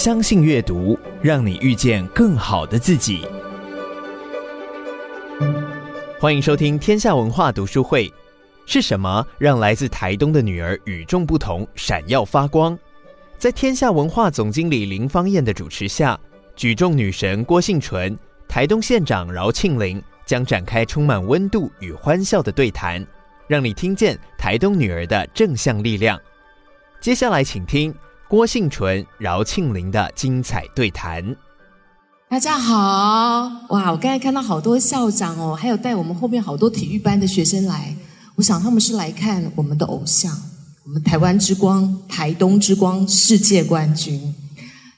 相信閱讀，讓你遇見更好的自己。歡迎收聽《天下文化讀書會》。是什麼讓來自台東的女兒與眾不同、閃耀發光？在天下文化總經理林芳燕的主持下，舉重女神郭婞淳、台東縣長饒慶鈴將展開充滿溫度與歡笑的對談，讓你聽見台東女兒的正向力量。接下來，請聽。郭婞淳、饒慶鈴的精彩對談。大家好，哇！我剛才看到好多校長哦，還有帶我們後面好多體育班的學生來。我想他們是來看我們的偶像，我們台灣之光、台東之光、世界冠軍。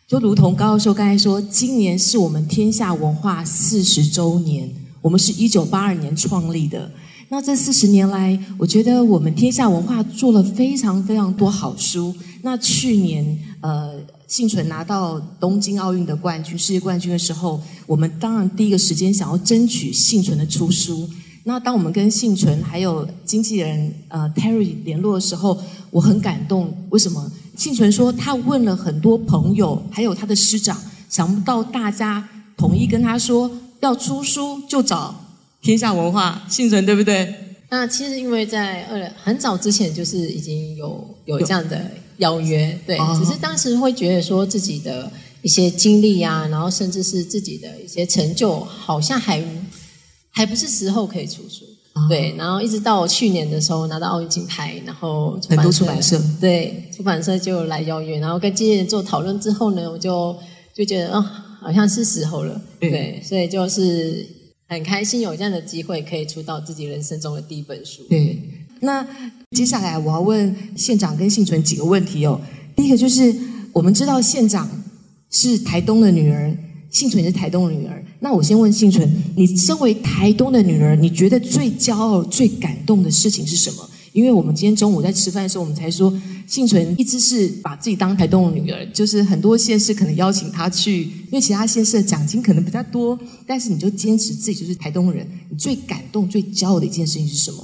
就如同高教授剛才說，今年是我們天下文化四十周年，我們是一九八二年創立的。那這四十年來，我覺得我們天下文化做了非常非常多好書。那去年，呃，婞淳拿到東京奧運的冠軍，世界冠軍的時候，我們當然第一個時間想要爭取婞淳的出書。那當我們跟婞淳還有經紀人呃 Terry 聯絡的時候，我很感動。為什麼？婞淳說他問了很多朋友，還有他的師長，想不到大家同意跟他說要出書就找天下文化，婞淳對不對？那其實因為在呃很早之前就是已經有有這樣的。邀約。對，哦、只是當時會覺得說，自己的一些經歷呀，啊，然後甚至是自己的一些成就，好像還還不是時候可以出書。哦、對，然後一直到我去年的時候拿到奧運金牌，然後很多出版社對出版社就來邀約，然後跟經紀人做討論之後呢，我就就覺得哦，好像是時候了。嗯、對，所以就是很開心有這樣的機會可以出到自己人生中的第一本書。嗯、對。那接下來我要問縣長跟婞淳幾個問題哦。第一個就是，我們知道縣長是台東的女兒，婞淳也是台東的女兒。那我先問婞淳，你身為台東的女兒，你覺得最驕傲、最感動的事情是什麼？因為我們今天中午在吃飯的時候，我們才說婞淳一直是把自己當台東的女兒。就是很多縣市可能邀請她去，因為其他縣市的獎金可能比較多，但是你就堅持自己就是台東人。你最感動、最驕傲的一件事情是什麼？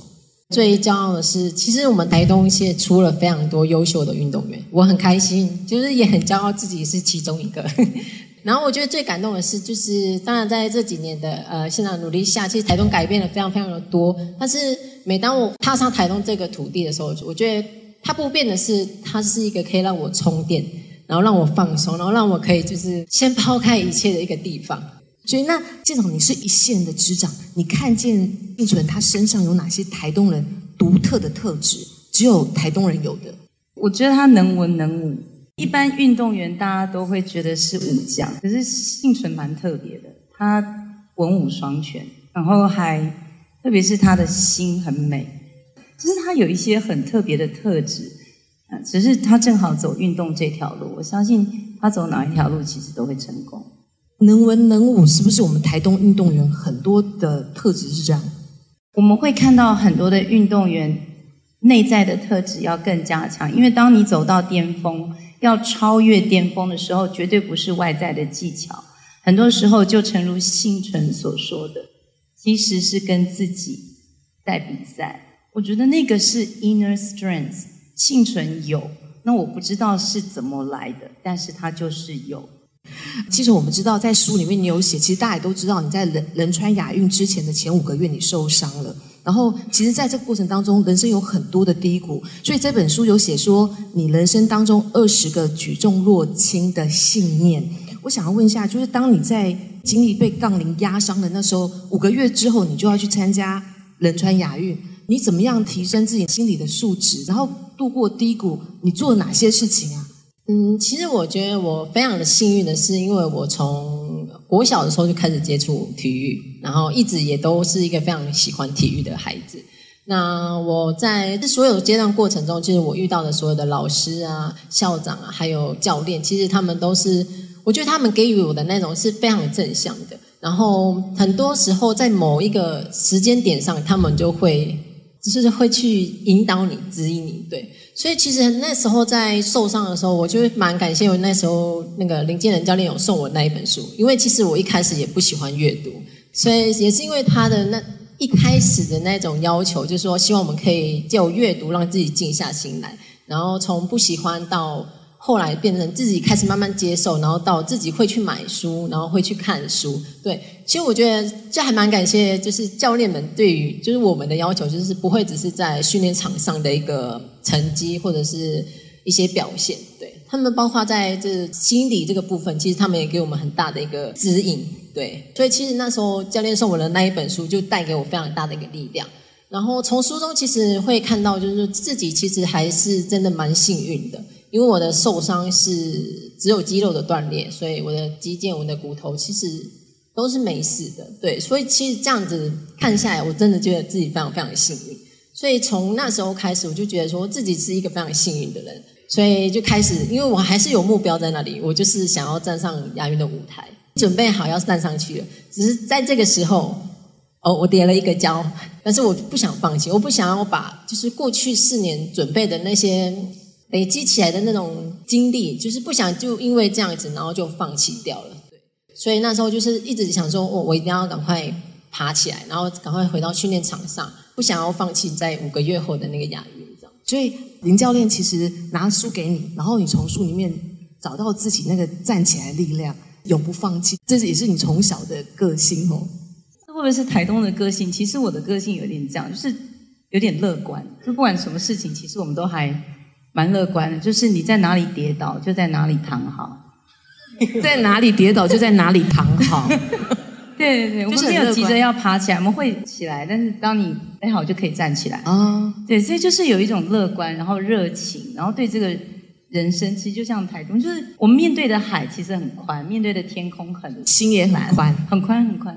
最驕傲的是，其實我們台東現在出了非常多優秀的運動員，我很開心，就是也很驕傲自己是其中一個。 然後我覺得最感動的是，就是當然在這幾年的呃縣長努力下，其實台東改變了非常非常的多。但是每當我踏上台東這個土地的時候，我覺得它不變的是，它是一個可以讓我充電，然後讓我放鬆，然後讓我可以就是先拋開一切的一個地方。所以那，那這種你是一線的職場，你看見婞淳他身上有哪些台東人獨特的特質？只有台東人有的。我覺得他能文能武，一般運動員大家都會覺得是武將，可是婞淳蠻特別的，他文武雙全，然後還特別是他的心很美，就是他有一些很特別的特質，啊，只是他正好走運動這條路。我相信他走哪一條路，其實都會成功。能文能武，是不是我們台東運動員很多的特質是這樣？我們會看到很多的運動員內在的特質要更加強，因為當你走到巔峰，要超越巔峰的時候，絕對不是外在的技巧，很多時候就誠如婞淳所說的，其實是跟自己在比賽。我覺得那個是 inner strength，婞淳有，那我不知道是怎麼來的，但是它就是有。其實我們知道，在書裡面你有寫，其實大家也都知道，你在仁仁川亞運之前的前五個月你受傷了。然後，其實在這個過程當中，人生有很多的低谷，所以這本書有寫說，你人生當中二十個舉重若輕的信念。我想要問一下，就是當你在經歷被槓鈴壓傷的那時候，五個月之後你就要去參加仁川亞運，你怎麼樣提升自己心理的素質，然後度過低谷？你做了哪些事情啊？嗯，其實我覺得我非常的幸運的是，因為我從國小的時候就開始接觸體育，然後一直也都是一個非常喜歡體育的孩子。那我在這所有的階段過程中，其實我遇到的所有的老師啊、校長啊，還有教練，其實他們都是，我覺得他們給予我的內容是非常正向的。然後很多時候在某一個時間點上，他們就會。只是會去引導你、指引你，對。所以其實那時候在受傷的時候，我就蠻感謝我那時候那個林建仁教練有送我那一本書，因為其實我一開始也不喜歡閱讀，所以也是因為他的那一開始的那種要求，就是說希望我們可以借閱讀讓自己靜下心來，然後從不喜歡到。後來變成自己開始慢慢接受，然後到自己會去買書，然後會去看書。對，其實我覺得這還蠻感謝，就是教練們對於就是我們的要求，就是不會只是在訓練場上的一個成績或者是一些表現。對，他們包括在這心理這個部分，其實他們也給我們很大的一個指引。對，所以其實那時候教練送我的那一本書，就帶給我非常大的一個力量。然後從書中其實會看到，就是自己其實還是真的蠻幸運的。因為我的受傷是只有肌肉的斷裂，所以我的肌腱、我的骨頭其實都是沒事的。對，所以其實這樣子看下來，我真的覺得自己非常非常幸運。所以從那時候開始，我就覺得說自己是一個非常幸運的人。所以就開始，因為我還是有目標在那裡，我就是想要站上亞運的舞台，準備好要站上去了。只是在這個時候，哦，我跌了一個跤，但是我不想放棄，我不想要把就是過去四年準備的那些。累積起來的那種經歷，就是不想就因為這樣子，然後就放棄掉了。對，所以那時候就是一直想說，我、哦，我一定要趕快爬起來，然後趕快回到訓練場上，不想要放棄在五個月後的那個亞運、就是、這樣。所以林教練其實拿書給你，然後你從書裡面找到自己那個站起來的力量，永不放棄，這是也是你從小的個性哦。這會不會是台東的個性？其實我的個性有點這樣，就是有點樂觀，就不管什麼事情，其實我們都還。蠻樂觀的，就是你在哪裡跌倒就在哪裡躺好，在哪裡跌倒就在哪裡躺好。對對 對，對對對就是我們沒有急着要爬起來，我們會起來，但是當你備好就可以站起來啊。對，所以就是有一種樂觀，然後熱情，然後對這個人生其實就像臺東，就是我們面對的海其實很寬，面對的天空很心也很，很寬，很寬很寬。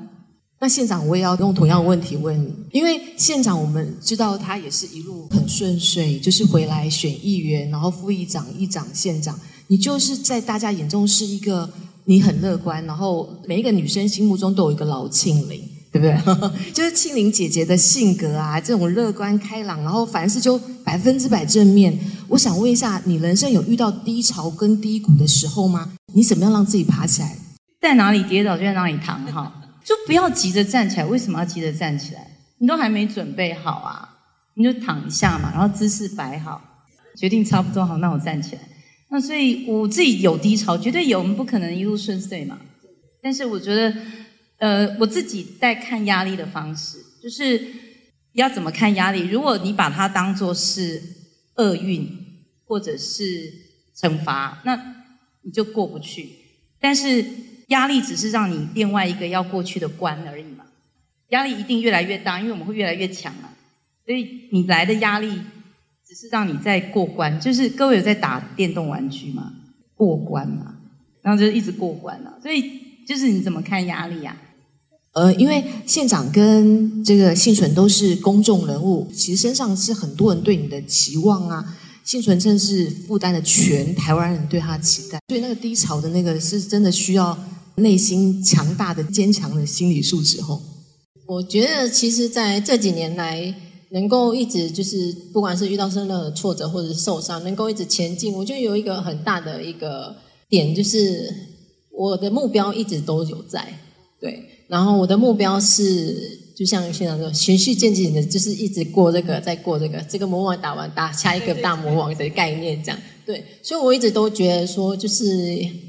那縣長，我也要用同樣的問題問你，因為縣長我們知道他也是一路很順遂，就是回來選議員，然後副議長、議長、縣長，你就是在大家眼中是一個你很樂觀，然後每一個女生心目中都有一個饒慶鈴，對不對？ 就是慶鈴姐，姐姐的性格啊，這種樂觀開朗，然後凡事就百分之百正面。我想問一下，你人生有遇到低潮跟低谷的時候嗎？你怎麼樣讓自己爬起來？在哪裡跌倒就在哪裡躺好 就不要急着站起來，為什麼要急着站起來？你都還沒準備好啊！你就躺一下嘛，然後姿勢擺好，決定差不多好，那我站起來。那所以我自己有低潮，絕對有，我們不可能一路順遂嘛。但是我覺得，呃，我自己在看壓力的方式，就是要怎麼看壓力？如果你把它當作是厄運或者是懲罰，那你就過不去。但是壓力只是讓你另外一個要過去的關而已嘛。壓力一定越來越大，因為我們會越來越強嘛。所以你來的壓力只是讓你在過關，就是各位有在打電動玩具嗎？過關嘛，然後就一直過關了、啊、所以就是你怎麼看壓力呀、啊？呃，因為縣長跟這個婞淳都是公眾人物，其實身上是很多人對你的期望啊，婞淳正是負擔的全台灣人對他的期待，所以那個低潮的那個是真的需要。內心強大的、堅強的心理素質。後，我覺得，其實在這幾年來，能夠一直就是，不管是遇到什麼樣的挫折，或者是受傷，能夠一直前進，我覺得有一個很大的一個點，就是我的目標一直都有在。對，然後我的目標是，就像現在說，循序漸進的，就是一直過這個，再過這個，這個魔王打完，打下一個大魔王的概念，這樣。對，所以我一直都覺得說，就是。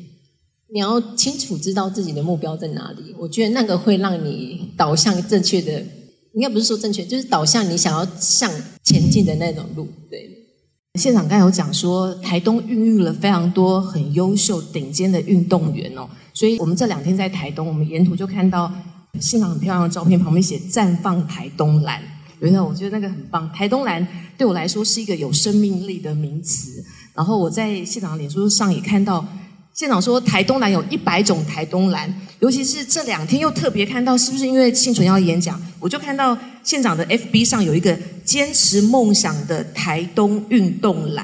你要清楚知道自己的目標在哪裡，我覺得那個會讓你導向正確的，應該不是說正確，就是導向你想要向前進的那種路。對，現場剛才有講說，台東孕育了非常多很優秀頂尖的運動員哦，所以我們這兩天在台東，我們沿途就看到現場很漂亮的照片，旁邊寫“綻放台東藍”，原來我覺得那個很棒，“台東藍”對我來說是一個有生命力的名詞。然後我在現場臉書上也看到。縣長說：“台東藍有一百種台東藍，尤其是這兩天又特別看到，是不是因為婞淳要演講？我就看到縣長的 FB 上有一個堅持夢想的台東運動藍。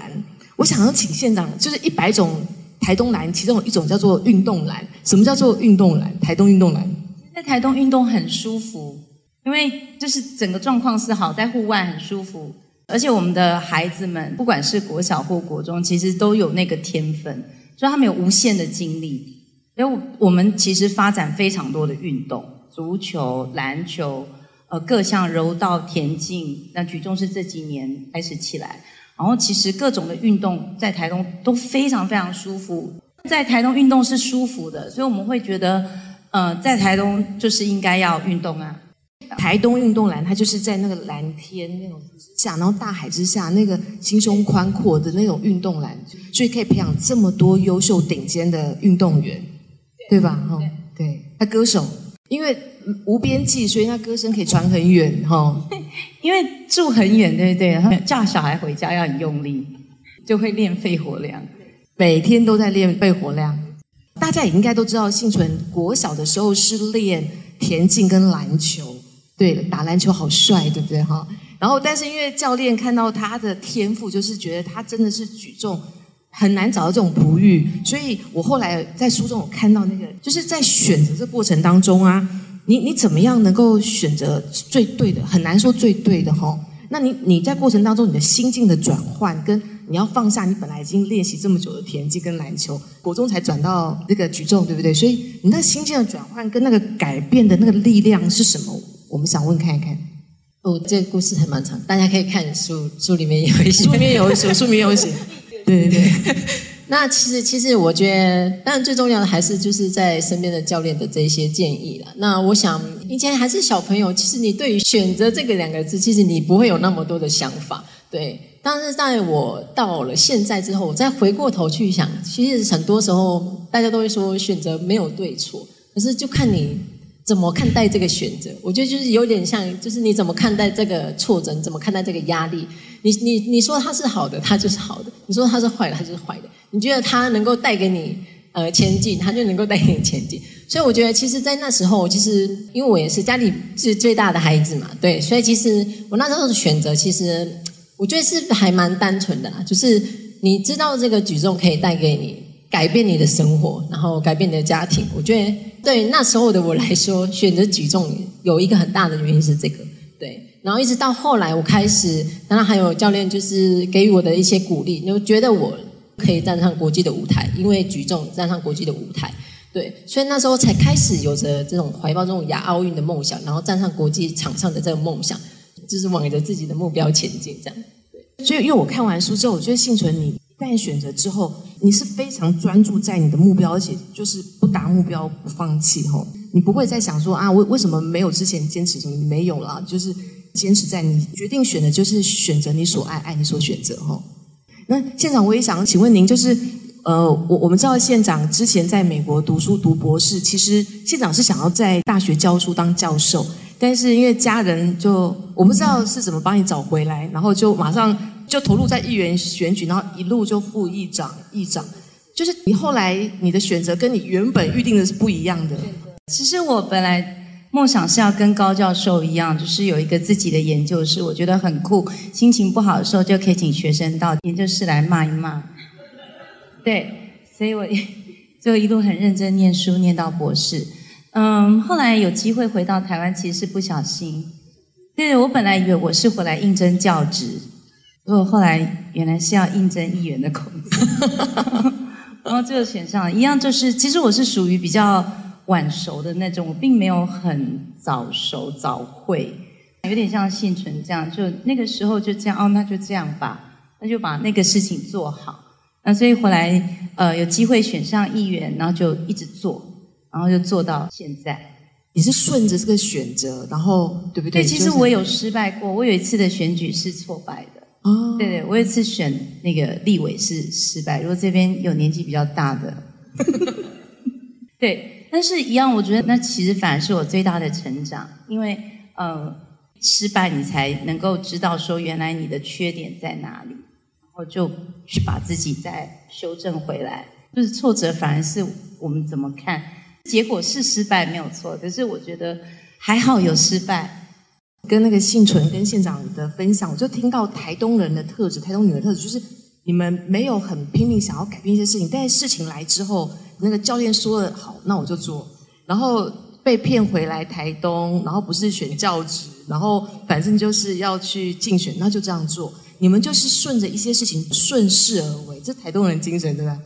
我想要請縣長，就是一百種台東藍，其中有一種叫做運動藍。什麼叫做運動藍？台東運動藍在台東運動很舒服，因為就是整個狀況是好，在戶外很舒服。而且我們的孩子們，不管是國小或國中，其實都有那個天分。”所以他們有無限的精力，因為我們其實發展非常多的運動，足球、籃球，呃，各項柔道、田徑，那舉重是這幾年開始起來。然後其實各種的運動在台東都非常非常舒服，在台東運動是舒服的，所以我們會覺得，呃，在台東就是應該要運動啊。台東運動員他就是在那個藍天那種之下，然後大海之下，那個心胸寬闊的那種運動員，所以可以培養這麼多優秀頂尖的運動員，對，對吧？哈對、哦，對他歌手，因為無邊際，所以他歌聲可以傳很遠，哈、哦。因為住很遠，對不對？他叫小孩回家要很用力，就會練肺活量，對每天都在練肺活量。大家也應該都知道，婞淳國小的時候是練田徑跟籃球。對，打籃球好帥，對不對哈？然後，但是因為教練看到他的天賦，就是覺得他真的是舉重很難找到這種璞玉。所以我後來在書中我看到那個，就是在選擇這過程當中啊，你你怎麼樣能夠選擇最對的？很難說最對的哈、哦。那你你在過程當中你的心境的轉換，跟你要放下你本來已經練習這麼久的田徑跟籃球，國中才轉到那個舉重，對不對？所以你的心境的轉換跟那個改變的那個力量是什麼？我們想問看一看，哦，這個、故事還蠻長，大家可以看書，書裡面有一些， 書裡面有一些，對對對。那其實其實我覺得，當然最重要的還是就是在身邊的教練的這些建議了。那我想，以前還是小朋友，其實你對於選擇這個兩個字，其實你不會有那麼多的想法，對。但是在我到了現在之後，我再回過頭去想，其實很多時候大家都會說選擇沒有對錯，可是就看你。怎麼看待這個選擇？我覺得就是有點像，就是你怎麼看待這個挫折，你怎麼看待這個壓力？你你你說他是好的，他就是好的；你說他是壞的，他就是壞的。你覺得他能夠帶給你呃前進，他就能夠帶給你前進。所以我覺得，其實，在那時候，其實因為我也是家裡最最大的孩子嘛，對，所以其實我那時候的選擇，其實我覺得是還蠻單純的啦，就是你知道這個舉重可以帶給你改變你的生活，然後改變你的家庭。我覺得對那時候的我來說，選擇舉重有一個很大的原因是這個，對。然後一直到後來，我開始，當然還有教練就是給予我的一些鼓勵，就覺得我可以站上國際的舞台，因為舉重站上國際的舞台，對。所以那時候才開始有着這種懷抱這種亞奧運的夢想，然後站上國際場上的這個夢想，就是往着自己的目標前進這樣。對。所以，因為我看完書之後，我覺得婞淳你，你一旦選擇之後。你是非常專注在你的目標，而且就是不達目標不放棄吼。你不會再想說啊，為為什麼沒有之前堅持什麼？你沒有了，就是堅持在你決定選的就是選擇你所愛，愛你所選擇吼。那縣長，我也想請問您，就是呃，我我們知道縣長之前在美國讀書讀博士，其實縣長是想要在大學教書當教授，但是因為家人就我不知道是怎麼幫你找回來，然後就馬上。就投入在議員選舉，然後一路就副議長、議長，就是你後來你的選擇跟你原本預定的是不一樣的。其實我本來夢想是要跟高教授一樣，就是有一個自己的研究室，我覺得很酷。心情不好的時候就可以請學生到研究室來罵一罵。對，所以我就一路很認真念書，念到博士。嗯，後來有機會回到台灣，其實是不小心。對，我本來以為我是回來應徵教職。結果後來原來是要應徵議員的工作，然後最後選上了一樣，就是其實我是屬於比較晚熟的那種，我並沒有很早熟早會，有點像婞淳這樣，就那個時候就這樣哦，那就這樣吧，那就把那個事情做好，那所以後來呃有機會選上議員，然後就一直做，然後就做到現在，也是順着這個選擇，然後對不對？對，其實我有失敗過，我有一次的選舉是挫敗的。哦，對對，我有一次選那個立委是失敗。如果這邊有年紀比較大的， 對，但是一樣，我覺得那其實反而是我最大的成長，因為呃，失敗你才能夠知道說原來你的缺點在哪裡，然後就去把自己再修正回來。就是挫折反而是我們怎麼看，結果是失敗沒有錯，可是我覺得還好有失敗。跟那個婞淳跟縣長的分享，我就聽到台東人的特質，台東女的特質就是你們沒有很拼命想要改變一些事情，但事情來之後，那個教練說的好，那我就做，然後被騙回來台東，然後不是選教職，然後反正就是要去競選，那就這樣做，你們就是順着一些事情順勢而為，這台東人精神對不對？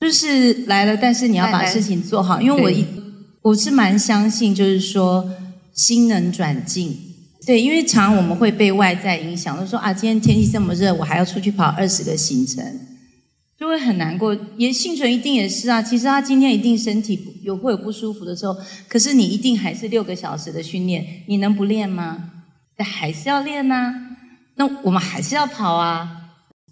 就是來了，但是你要把事情做好，因為我一對我是蠻相信，就是說心能轉境。對，因為常常我們會被外在影響，都說啊，今天天氣這麼熱，我還要出去跑二十個行程，就會很難過。也婞淳一定也是啊，其實他、啊、今天一定身體有會有不舒服的時候，可是你一定還是六個小時的訓練，你能不練嗎？但還是要練呢、啊？那我們還是要跑啊。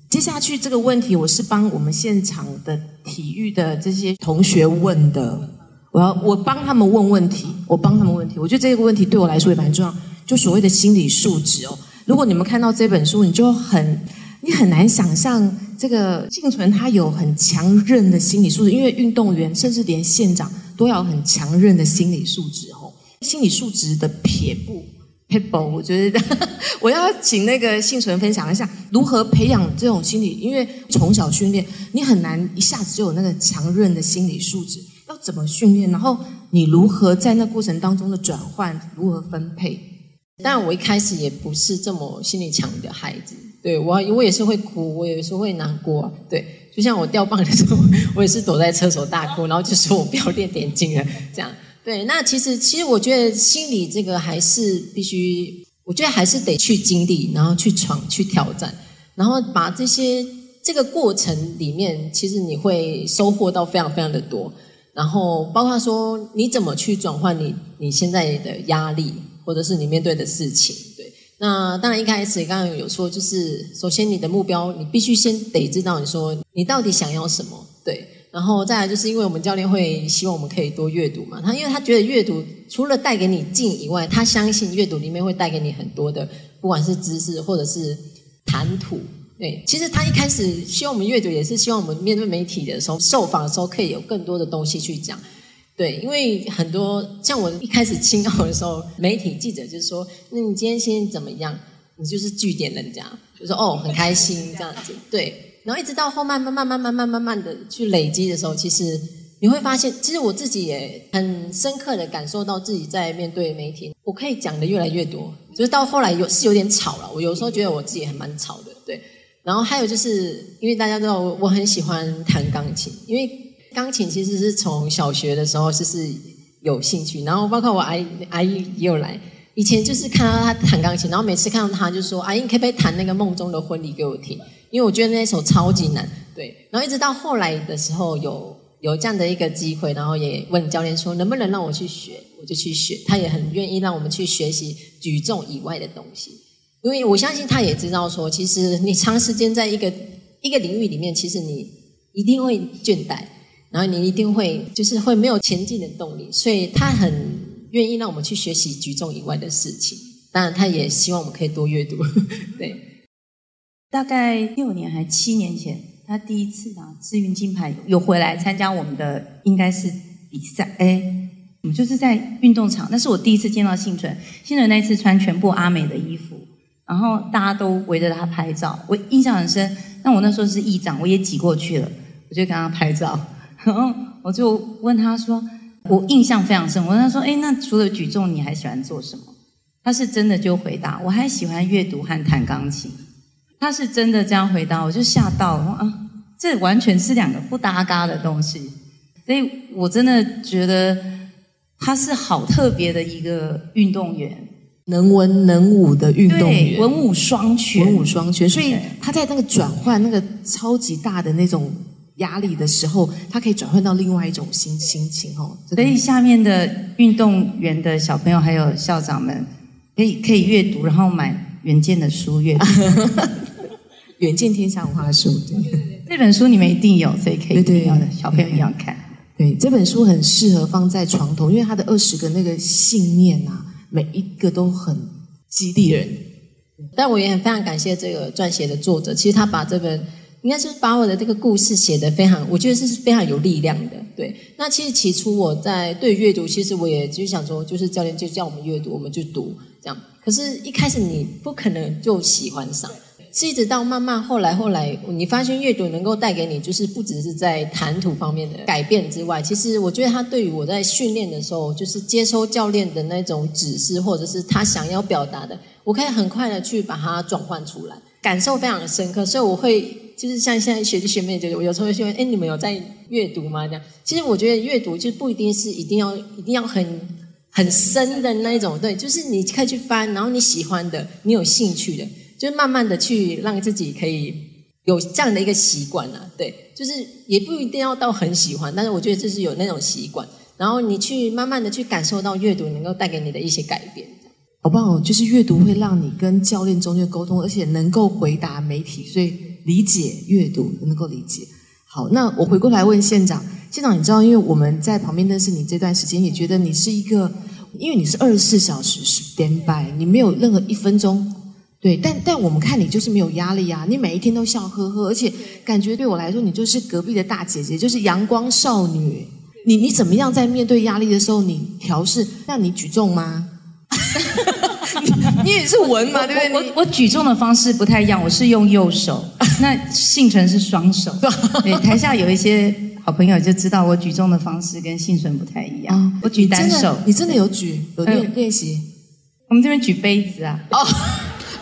接下去這個問題，我是幫我們現場的體育的這些同學問的，我要我幫他們問問題，我幫他們問題，我覺得這個問題對我來說也蠻重要。就所謂的心理素質哦，如果你們看到這本書，你就很你很難想象這個婞淳他有很強韌的心理素質，因為運動員甚至連縣長都要很強韌的心理素質哦。心理素質的撇步，撇步，我覺得我要請那個婞淳分享一下如何培養這種心理，因為從小訓練你很難一下子就有那個強韌的心理素質，要怎麼訓練？然後你如何在那過程當中的轉換，如何分配？但我一開始也不是這麼心理強的孩子，對，我我也是會哭，我也是會難過，對，就像我掉棒的時候，我也是躲在廁所大哭，然後就說我不要練田徑了，這樣。對，那其實其實我覺得心理這個還是必須，我覺得還是得去經歷，然後去闖，去挑戰，然後把這些這個過程裡面，其實你會收穫到非常非常的多，然後包括說你怎麼去轉換你你現在的壓力。或者是你面對的事情，對。那當然一開始剛剛有說，就是首先你的目標，你必須先得知道你說你到底想要什麼，對。然後再來就是因為我們教練會希望我們可以多閱讀嘛，他因為他覺得閱讀除了帶給你勁以外，他相信閱讀裡面會帶給你很多的，不管是知識或者是談吐，對。其實他一開始希望我們閱讀，也是希望我們面對媒體的時候，受訪的時候可以有更多的東西去講。對，因為很多像我一開始青奧的時候，媒體記者就是說：“那你今天心情怎麼樣？”你就是句點人家，就說“哦，很開心”這樣子。對，然後一直到後慢慢慢慢慢慢慢慢的去累積的時候，其實你會發現，其實我自己也很深刻的感受到自己在面對媒體，我可以講的越來越多。就是到後來有是有點吵了，我有時候覺得我自己還蠻吵的。對，然後還有就是因為大家都知道我我很喜歡彈鋼琴，因為。鋼琴其實是從小學的時候就是有興趣，然後包括我阿姨阿姨也有來。以前就是看到他彈鋼琴，然後每次看到他就說：“阿姨，你可不可以被彈那個《夢中的婚禮》給我聽？”因為我覺得那首超級難。對，然後一直到後來的時候有，有有這樣的一個機會，然後也問教練說：“能不能讓我去學？”我就去學，他也很願意讓我們去學習舉重以外的東西，因為我相信他也知道說，其實你長時間在一個一個領域裡面，其實你一定會倦怠。然後你一定會就是會沒有前進的動力，所以他很願意讓我們去學習舉重以外的事情。當然，他也希望我們可以多閱讀。對，大概六年還七年前，他第一次拿奧運金牌，有回來參加我們的應該是比賽。哎，我們就是在運動場，那是我第一次見到婞淳。婞淳那一次穿全部阿美的衣服，然後大家都圍着他拍照，我印象很深。但我那時候是議長，我也擠過去了，我就跟他拍照。然後我就問他說：“我印象非常深。”我問他說：“哎，那除了舉重，你還喜歡做什麼？”他是真的就回答：“我還喜歡閱讀和彈鋼琴。”他是真的這樣回答，我就嚇到了啊！這完全是兩個不搭嘎的東西，所以我真的覺得他是好特別的一個運動員，能文能武的運動員，文武雙全，文武雙全。所以他在那個轉換那個超級大的那種。壓力的時候，它可以轉換到另外一種心對心情哦。所以下面的運動員的小朋友還有校長們，可以可以閱讀，然後買《遠見》的書閱讀，《 遠見天下文化書》。對對,對,對,對這本書你們一定有，所以可以。對小朋友一定要看。對,對,對,對,對,對,對這本書很適合放在床頭，因為他的二十個那個信念啊，每一個都很激勵人。但我也很非常感謝這個撰寫的作者，其實他把這本。應該是把我的這個故事寫得非常，我覺得是非常有力量的。對，那其實起初我在對閱讀，其實我也就想說，就是教練就叫我們閱讀，我們就讀這樣。可是，一開始你不可能就喜歡上，是一直到慢慢後來後來，你發現閱讀能夠帶給你，就是不只是在談吐方面的改變之外，其實我覺得他對於我在訓練的時候，就是接收教練的那種指示或者是他想要表達的，我可以很快的去把它轉換出來，感受非常深刻，所以我會。就是像現在學弟學妹就是、我有時候會問，哎、欸，你們有在閱讀嗎？這樣，其實我覺得閱讀就不一定是一定要一定要很很深的那一種，對，就是你可以去翻，然後你喜歡的，你有興趣的，就是慢慢的去讓自己可以有這樣的一個習慣了、啊，對，就是也不一定要到很喜歡，但是我覺得這是有那種習慣，然後你去慢慢的去感受到閱讀能夠帶給你的一些改變，好不好？就是閱讀會讓你跟教練中間溝通，而且能夠回答媒體，所以。理解，閱讀，能夠理解。好，那我回過來問縣長，縣長你知道，因為我們在旁邊認識你這段時間，你覺得你是一個，因為你是二十四小時 stand by，你沒有任何一分鐘對，但但我們看你就是沒有壓力啊，你每一天都笑呵呵，而且感覺對我來說，你就是隔壁的大姐姐，就是陽光少女。你你怎麼樣在面對壓力的時候，你調試讓你舉重嗎？ 你？你也是文嘛，我對不對？我我舉重的方式不太一樣，我是用右手。.那婞淳是雙手對，台下有一些好朋友就知道我舉重的方式跟婞淳不太一樣。哦、我舉單手，你真的有舉，對有，有練練習，嗯。我們這邊舉杯子啊。哦，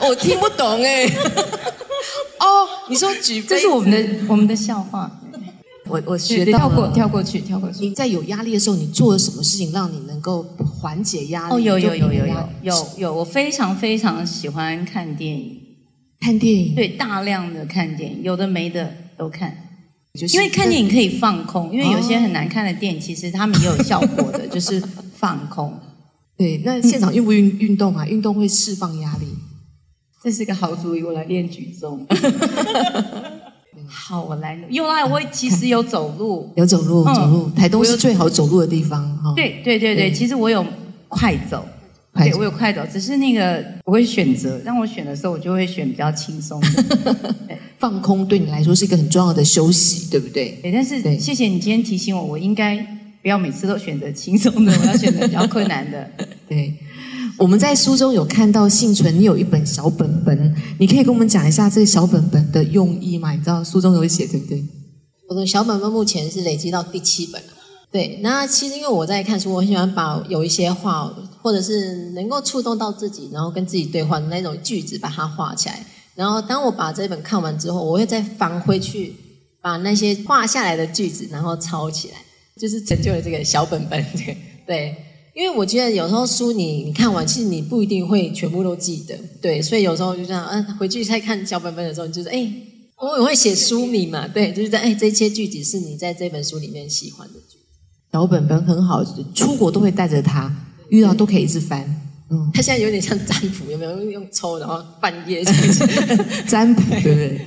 哦，我聽不懂哎。哦，你說舉杯子？這是我們的我們的笑話。我我學到了，跳過跳過去跳過去。跳過去，你在有壓力的時候，你做了什麼事情讓你能夠緩解壓力？哦有有有有有有有，有，有，我非常非常喜歡看電影。看電影，對大量的看電影，有的沒的都看，就是、因為看電影可以放空，哦、因為有些很難看的電影，其實他們也有效果的， 就是放空。對，那現場運不運運動啊？運動會釋放壓力，這是一個好主意。我來練舉重。 好，我來，又來，我其實有走路，有走路，嗯、走路，台東是最好走路的地方。哈，對對對對，其實我有快走。對，我有快走，只是那個我會選擇。讓我選的時候，我就會選比較輕鬆的， 放空對你來說是一個很重要的休息，對不對？對，但是對謝謝你今天提醒我，我應該不要每次都選擇輕鬆的，我要選擇比較困難的。對，對我們在書中有看到婞淳，你有一本小本本，你可以跟我們講一下這個小本本的用意嗎？你知道書中有寫對不對？我的小本本目前是累積到第七本。對，那其實因為我在看書，我很喜歡把有一些話。或者是能夠觸動到自己，然後跟自己對話的那種句子，把它畫起來。然後當我把這一本看完之後，我會再返回去，把那些畫下來的句子然後抄起來，就是成就了這個小本本。對，因為我覺得有時候書你你看完，其實你不一定會全部都記得。對，所以有時候就這樣，嗯、啊，回去再看小本本的時候，你就是哎，我我會寫書名嘛。對，就是在哎，這些句子是你在這本書裡面喜歡的句子。小本本很好，出國都會帶着它。遇到都可以一直翻，嗯，他現在有點像占卜，有沒有用抽然後半夜 占卜，對不對？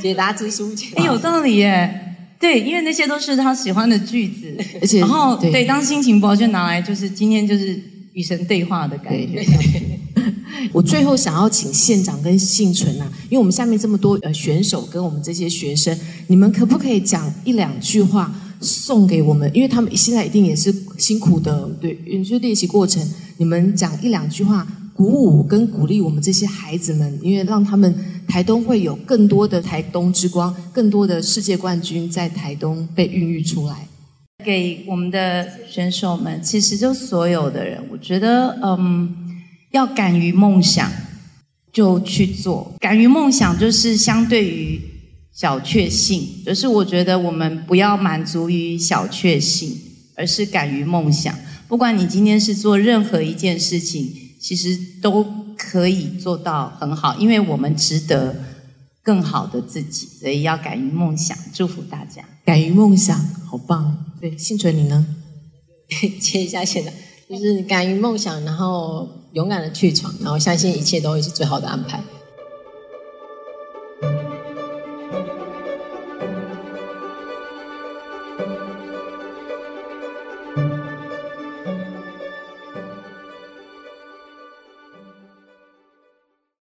解答之書哇、欸，有道理耶，對，因為那些都是他喜歡的句子，而且然後對，對，當心情不好就拿來，就是今天就是與神對話的感覺。 我最後想要請縣長跟婞淳啊，因為我們下面這麼多呃選手跟我們這些學生，你們可不可以講一兩句話？送給我們，因為他們現在一定也是辛苦的，對。有些練習過程，你們講一兩句話，鼓舞跟鼓勵我們這些孩子們，因為讓他們台東會有更多的台東之光，更多的世界冠軍在台東被孕育出來。給我們的選手們，其實就所有的人，我覺得，嗯，要敢於夢想，就去做。敢於夢想，就是相對於。小確幸，就是我覺得我們不要滿足於小確幸，而是敢於夢想。不管你今天是做任何一件事情，其實都可以做到很好，因為我們值得更好的自己，所以要敢於夢想。祝福大家，敢於夢想，好棒！對，婞淳你呢？切一下縣長，就是敢於夢想，然後勇敢的去闖，然後相信一切都會是最好的安排。